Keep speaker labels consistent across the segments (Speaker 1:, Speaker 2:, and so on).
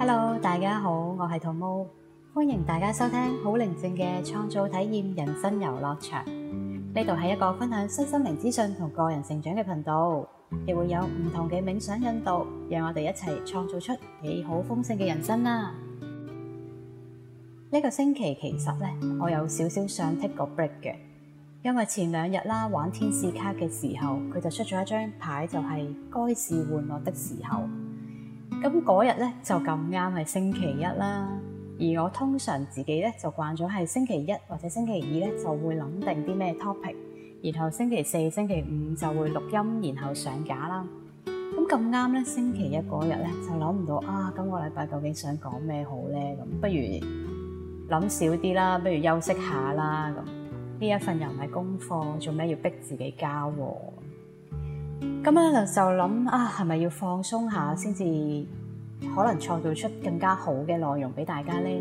Speaker 1: Hello，大家好，我係 Tomo，歡迎大家收聽好寧靜嘅創造體驗人生遊樂場。呢度係一個分享身心靈資訊同個人成長嘅頻道，亦會有唔同嘅冥想引導，讓我哋一齊創造出美好豐盛嘅人生啦。呢個星期其實咧，我有少少想 take 個 break 嘅，因為前兩日啦，玩天使卡嘅時候，佢就出咗一張牌，就係該是玩樂的時候。咁嗰日咧就咁啱係星期一啦，而我通常自己咧就慣咗係星期一或者星期二咧就會諗定啲咩 topic，然後星期四、星期五就會錄音，然後上架啦。咁咁啱咧，星期一嗰日咧就諗唔到啊！今個禮拜究竟想講咩好咧？咁不如諗少啲啦，不如休息下啦。咁呢一份又唔係功課，做咩要逼自己交喎？咁咧就諗啊，係咪要放鬆下先至可能創造出更加好嘅內容俾大家咧？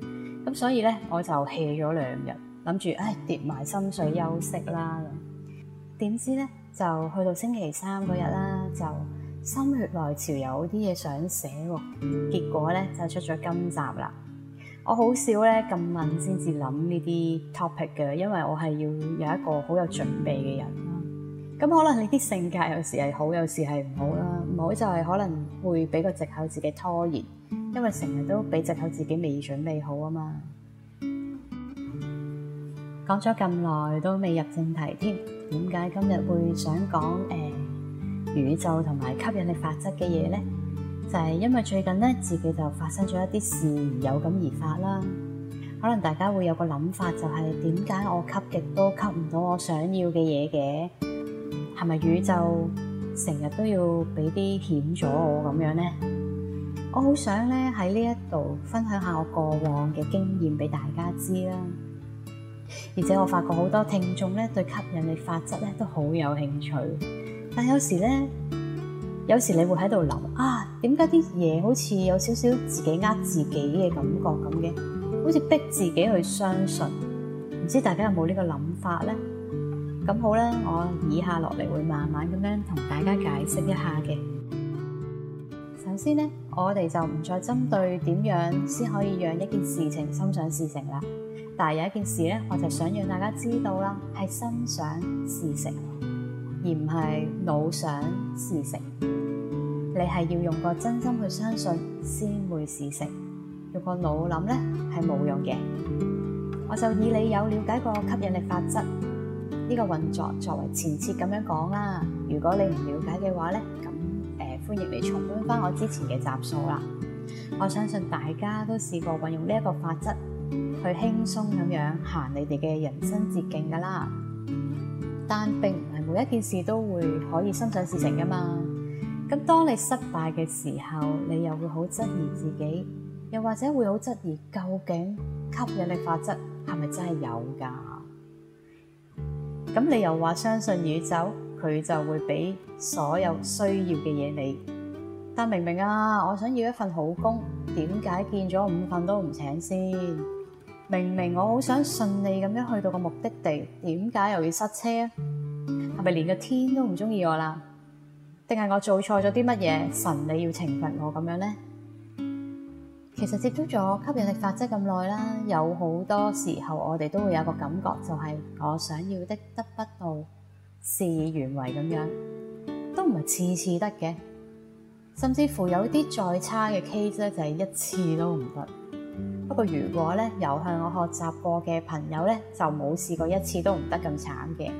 Speaker 1: 咁咁所以咧我就 hea 咗兩日，諗住唉跌埋心水休息啦。咁點知咧就去到星期三嗰日啦，就心血來潮有啲嘢想寫喎。結果咧就出咗今集啦。我好少咧咁問先至諗呢啲 topic 嘅，因為我係要有一個好有準備嘅人。咁可能你啲性格有時係好，有時係唔好啦。唔好就係可能會俾個藉口自己拖延，因為成日都俾藉口自己未準備好啊嘛。講咗咁耐都未入正題添，點解今日會想講誒、呃、宇宙同埋吸引力法則嘅嘢咧？就係、是、因為最近咧自己就發生咗一啲事而有感而發啦。可能大家會有個諗法、就是，就係點解我吸極都吸唔到我想要嘅嘢嘅？係咪宇宙成日都要俾啲險阻我咁樣咧？我好想咧喺呢一度分享下我過往嘅經驗俾大家知啦。而且我發覺好多聽眾咧對吸引力法則咧都好有興趣。但有時咧，有時你會喺度諗啊，點解啲嘢好似有少少自己呃自己嘅感覺咁嘅？好似逼自己去相信。唔知大家有冇呢個諗法咧？咁好啦，我以下落嚟會慢慢咁樣同大家解釋一下嘅。首先咧，我哋就唔再針對點樣先可以讓一件事情心想事成啦。但係有一件事咧，我就想讓大家知道啦，係心想事成，而唔係腦想事成。你係要用個真心去相信先會事成，用個腦諗咧係冇用嘅。我就以你有了解過吸引力法則。呢個運作作為前設咁樣講啦，如果你唔了解嘅話咧，咁誒、呃、歡迎你重溫翻我之前嘅集數啦。我相信大家都試過運用呢一個法則去輕鬆咁樣行你哋嘅人生捷徑噶啦，但並唔係每一件事都會可以心想事成噶嘛。咁當你失敗嘅時候，你又會好質疑自己，又或者會好質疑究竟吸引力法則係咪真係有㗎？咁你又話相信宇宙，佢就會俾所有需要嘅嘢你，但明明啊，我想要一份好工，點解見咗五份都唔請先？明明我好想順利咁樣去到個目的地，點解又要塞車啊？係咪連個天都唔中意我啦？定係我做錯咗啲乜嘢？神你要懲罰我咁樣咧？其實接觸咗吸引力法則咁耐啦，有好多時候我哋都會有個感覺，就係我想要的得不到，事與願違咁樣，都唔係次次得嘅。甚至乎有啲再差嘅 case 咧，就係一次都唔得。不過如果咧有向我學習過嘅朋友咧，就冇試過一次都唔得咁慘嘅，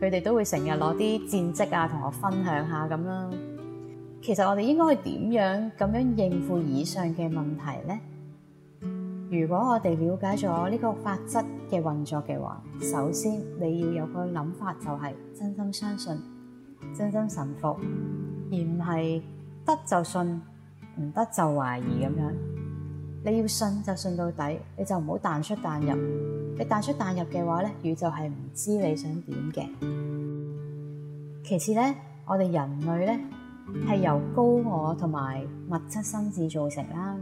Speaker 1: 佢哋都會成日攞啲戰績啊同我分享下咁啦。其實我哋應該去點樣咁樣應付以上嘅問題呢？如果我哋了解咗呢個法則嘅運作嘅話，首先你要有個諗法，就係真心相信、真心臣服，而唔係得就信，唔得就懷疑咁樣。你要信就信到底，你就唔好彈出彈入。你彈出彈入嘅話咧，宇宙係唔知你想點嘅。其次咧，我哋人類咧。係由高我同埋物質心智造成啦，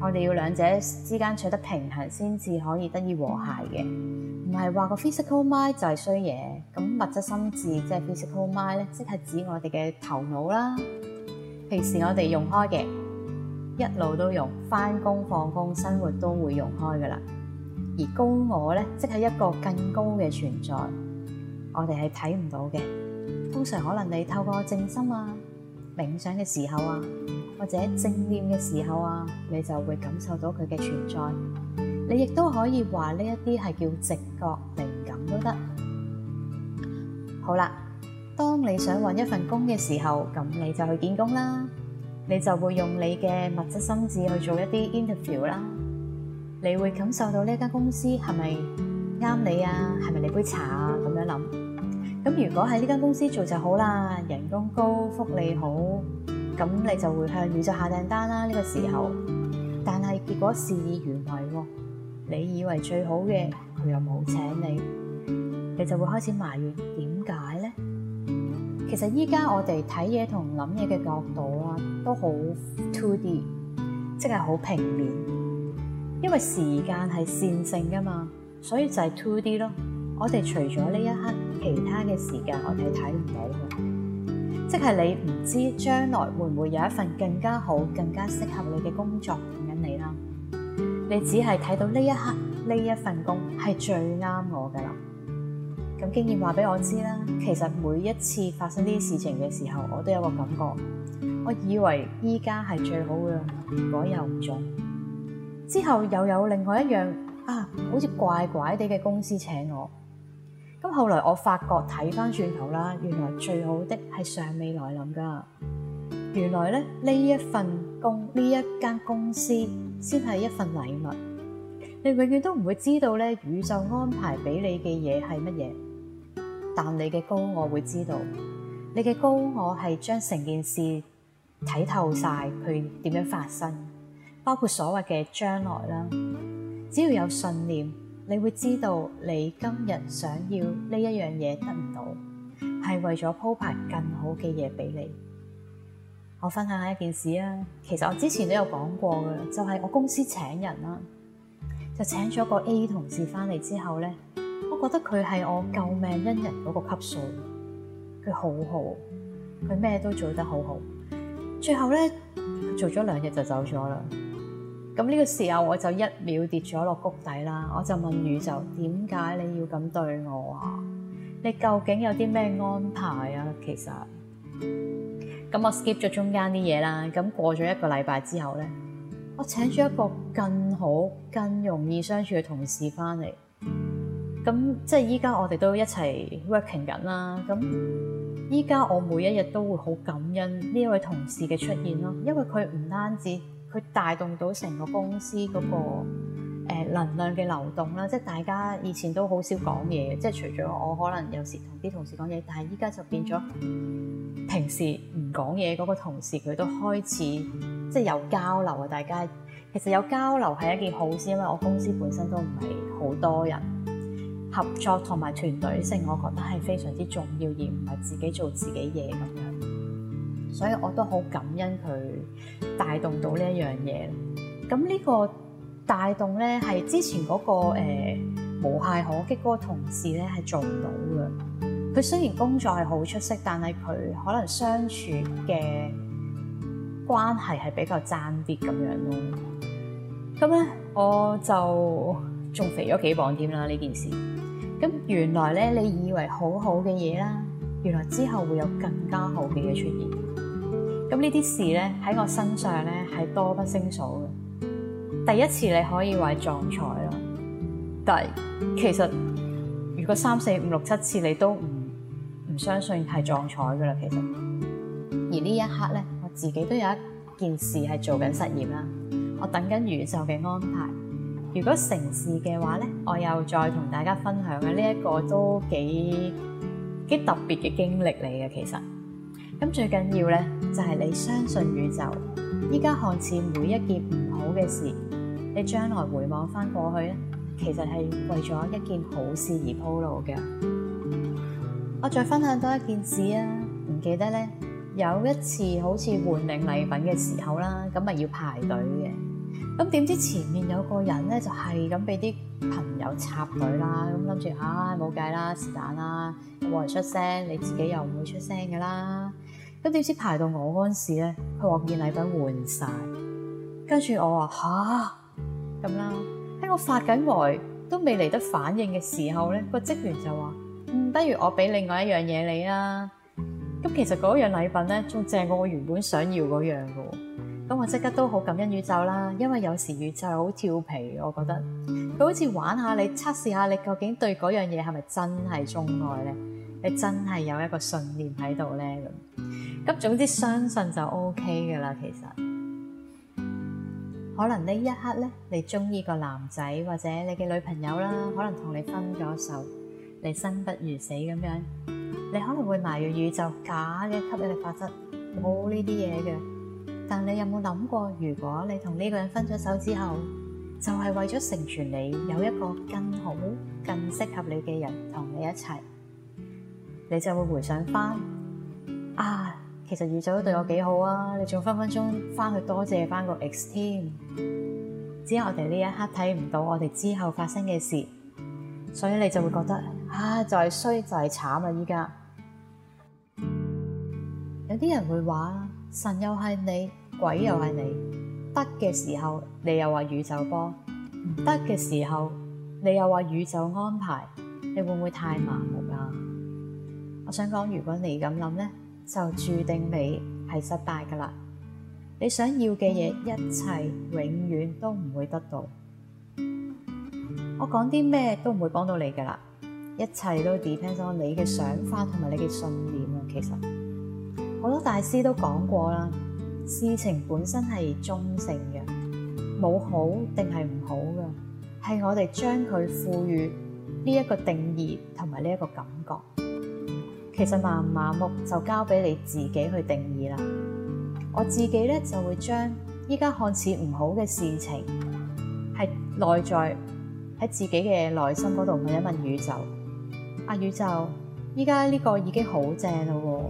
Speaker 1: 我哋要兩者之間取得平衡，先至可以得以和諧嘅，唔係話個 physical mind 就係衰嘢，咁物質心智、就是、mind，即係 physical mind 咧，即係指我哋嘅頭腦啦，平時我哋用開嘅，一路都用，翻工放工生活都會用開噶啦，而高我咧即係一個更高嘅存在，我哋係睇唔到嘅，通常可能你透過正心啊。冥想嘅時候啊，或者正念嘅時候啊，你就會感受到佢嘅存在。你亦都可以話呢一啲係叫直覺靈感都得。好啦，當你想揾一份工嘅時候，咁你就去見工啦。你就會用你嘅物質心智去做一啲 interview 啦。你會感受到呢間公司係咪啱你啊？係咪你杯茶啊？咁樣諗。咁如果喺呢間公司做就好啦，人工高，福利好，咁你就會向宇宙下訂單啦。呢個時候，但係結果事與願違喎，你以為最好嘅，佢又冇請你，你就會開始埋怨點解咧？其實依家我哋睇嘢同諗嘢嘅角度啊，都好 two D，即係好平面，因為時間係線性噶嘛，所以就係 two D 咯。我哋除咗呢一刻。其他嘅時間我哋睇唔到佢，即係你唔知將來會唔會有一份更加好、更加適合你嘅工作等緊你啦。你只係睇到呢一刻呢一份工係最啱我噶啦。咁經驗話俾我知啦，其實每一次發生呢啲事情嘅時候，我都有個感覺，我以為依家係最好嘅，如果又唔中，之後又有另外一樣啊，好似怪怪地嘅公司請我。咁後來我發覺睇翻轉頭啦，原來最好的係尚未來臨㗎。原來咧，呢一份工、呢一間公司先係一份禮物。你永遠都唔會知道咧，宇宙安排俾你嘅嘢係乜嘢，但你嘅高我會知道。你嘅高我係將成件事睇透晒，佢點樣發生，包括所謂嘅將來啦。只要有信念。你會知道你今日想要呢一樣嘢得唔到，係為咗鋪排更好嘅嘢俾你。我分享下一件事啊，其實我之前都有講過噶，就係我公司請人啦，就請咗個 A 同事翻嚟之後咧，我覺得佢係我救命恩人嗰個級數，佢好好，佢咩都做得好好，最後咧，佢做咗兩日就走咗啦。咁呢個時候我就一秒跌咗落谷底啦，我就問宇宙：「點解你要咁對我啊？你究竟有啲咩安排啊？」其實，咁、嗯、我 skip 咗中間啲嘢啦。咁過咗一個禮拜之後咧，我請咗一個更好、更容易相處嘅同事翻嚟。咁、嗯、即係依家我哋都一齊 working 緊啦。咁依家我每一日都會好感恩呢一位同事嘅出現咯，因為佢唔單止，佢帶動到成個公司嗰個誒能量嘅流動啦，即係大家以前都好少講嘢，即係除咗我可能有時同啲同事講嘢，但係依家就變咗平時唔講嘢嗰個同事佢都開始即係有交流啊！大家其實有交流係一件好事，因為我公司本身都唔係好多人合作同埋，團隊性，我覺得係非常之重要，而唔係自己做自己嘢咁樣。所以我都好感恩佢帶動到呢一樣嘢。咁呢個帶動咧，係之前嗰個、呃、無懈可擊嗰個同事咧係做唔到嘅。佢雖然工作係好出色，但係佢可能相處嘅關係係比較爭啲咁樣咯。咁咧，我就仲肥咗幾磅添啦呢件事。咁原來咧，你以為好好嘅嘢啦，原來之後會有更加好嘅嘢出現。咁呢啲事咧，喺我身上咧，係多不勝數嘅。第一次你可以話係撞彩囉，但係其實如果三四五六七次你都唔唔相信係撞彩噶啦，其實。而呢一刻咧，我自己都有一件事係做緊實驗啦，我等緊宇宙嘅安排。如果成事嘅話咧，我又再同大家分享嘅呢一個都幾幾特別嘅經歷嚟嘅，其實。咁最緊要咧，就係你相信宇宙。依家看似每一件唔好嘅事，你將來回望翻過去咧，其實係為咗一件好事而鋪路嘅。我再分享多一件事啊！唔記得咧，有一次好似換領禮品嘅時候啦，咁咪要排隊嘅。咁點知前面有個人咧，就係咁俾啲朋友插隊啦。咁諗住啊，冇計啦，是但啦，冇人出聲，你自己又唔會出聲㗎啦。咁點知排到我嗰陣時咧，佢獲件禮品換晒。跟住我話吓，咁啦，喺我發緊呆都未嚟得反應嘅時候咧，個職員就話、嗯：不如我俾另外一樣嘢你啦。咁其實嗰樣禮品咧，仲正過我原本想要嗰樣噶。咁我即刻都好感恩宇宙啦，因為有時宇宙好調皮，我覺得佢好似玩下你，測試下你究竟對嗰樣嘢係咪真係鍾愛咧？你真係有一個信念喺度咧咁。咁總之，相信就 OK 嘅啦。其實可能呢一刻咧，你中意個男仔或者你嘅女朋友啦，可能同你分咗手，你生不如死咁樣，你可能會埋怨宇宙假嘅吸引力法則冇呢啲嘢嘅。但你有冇諗過，如果你同呢個人分咗手之後，就係為咗成全你有一個更好、更適合你嘅人同你一齊，你就會回想返啊！其實宇宙都對我幾好啊，你仲分分鐘翻去多謝翻個 ex 添。只係我哋呢一刻睇唔到我哋之後發生嘅事，所以你就會覺得啊，就係衰就係慘啊！依家有啲人會話神又係你，鬼又係你，得嘅時候你又話宇宙波；唔得嘅時候你又話宇宙安排，你會唔會太麻木啊？我想講，如果你咁諗咧。就注定你係失敗噶啦！你想要嘅嘢，一切永遠都唔會得到。我講啲咩都唔會幫到你噶啦，一切都 depend on 你嘅想法同埋你嘅信念啊！其實好多大師都講過啦，事情本身係中性嘅，冇好定係唔好嘅，係我哋將佢賦予呢一個定義同埋呢一個感覺。其實麻唔麻木就交俾你自己去定義啦。我自己咧就會將依家看似唔好嘅事情，係內在喺自己嘅內心嗰度問一問宇宙。阿、啊、宇宙，依家呢個已經好正咯。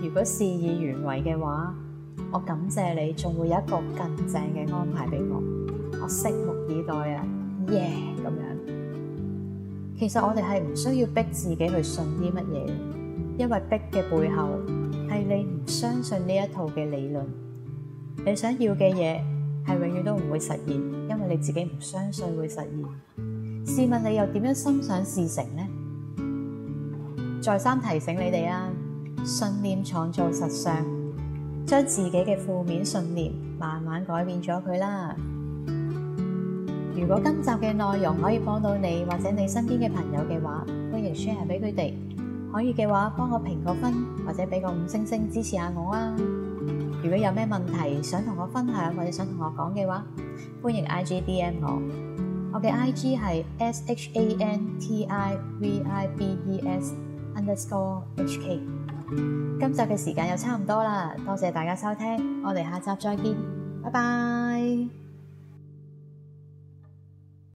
Speaker 1: 如果事與願違嘅話，我感謝你，仲會有一個更正嘅安排俾我。我拭目以待啊，耶、yeah, 咁樣。其實我哋係唔需要逼自己去信啲乜嘢。因為迫嘅背後係你唔相信呢一套嘅理論，你想要嘅嘢係永遠都唔會實現，因為你自己唔相信會實現。試問你又點樣心想事成呢？再三提醒你哋啊，信念創造實相，將自己嘅負面信念慢慢改變咗佢啦。如果今集嘅內容可以幫到你或者你身邊嘅朋友嘅話，歡迎 share 俾佢哋。可以嘅話，幫我評個分或者俾個五星星支持下我啊！如果有咩問題想同我分享或者想同我講嘅話，歡迎 I G D M 我。我嘅 I G 係 S H A N T I V I B E S underscore H K。今集嘅時間又差唔多啦，多謝大家收聽，我哋下集再見，拜拜。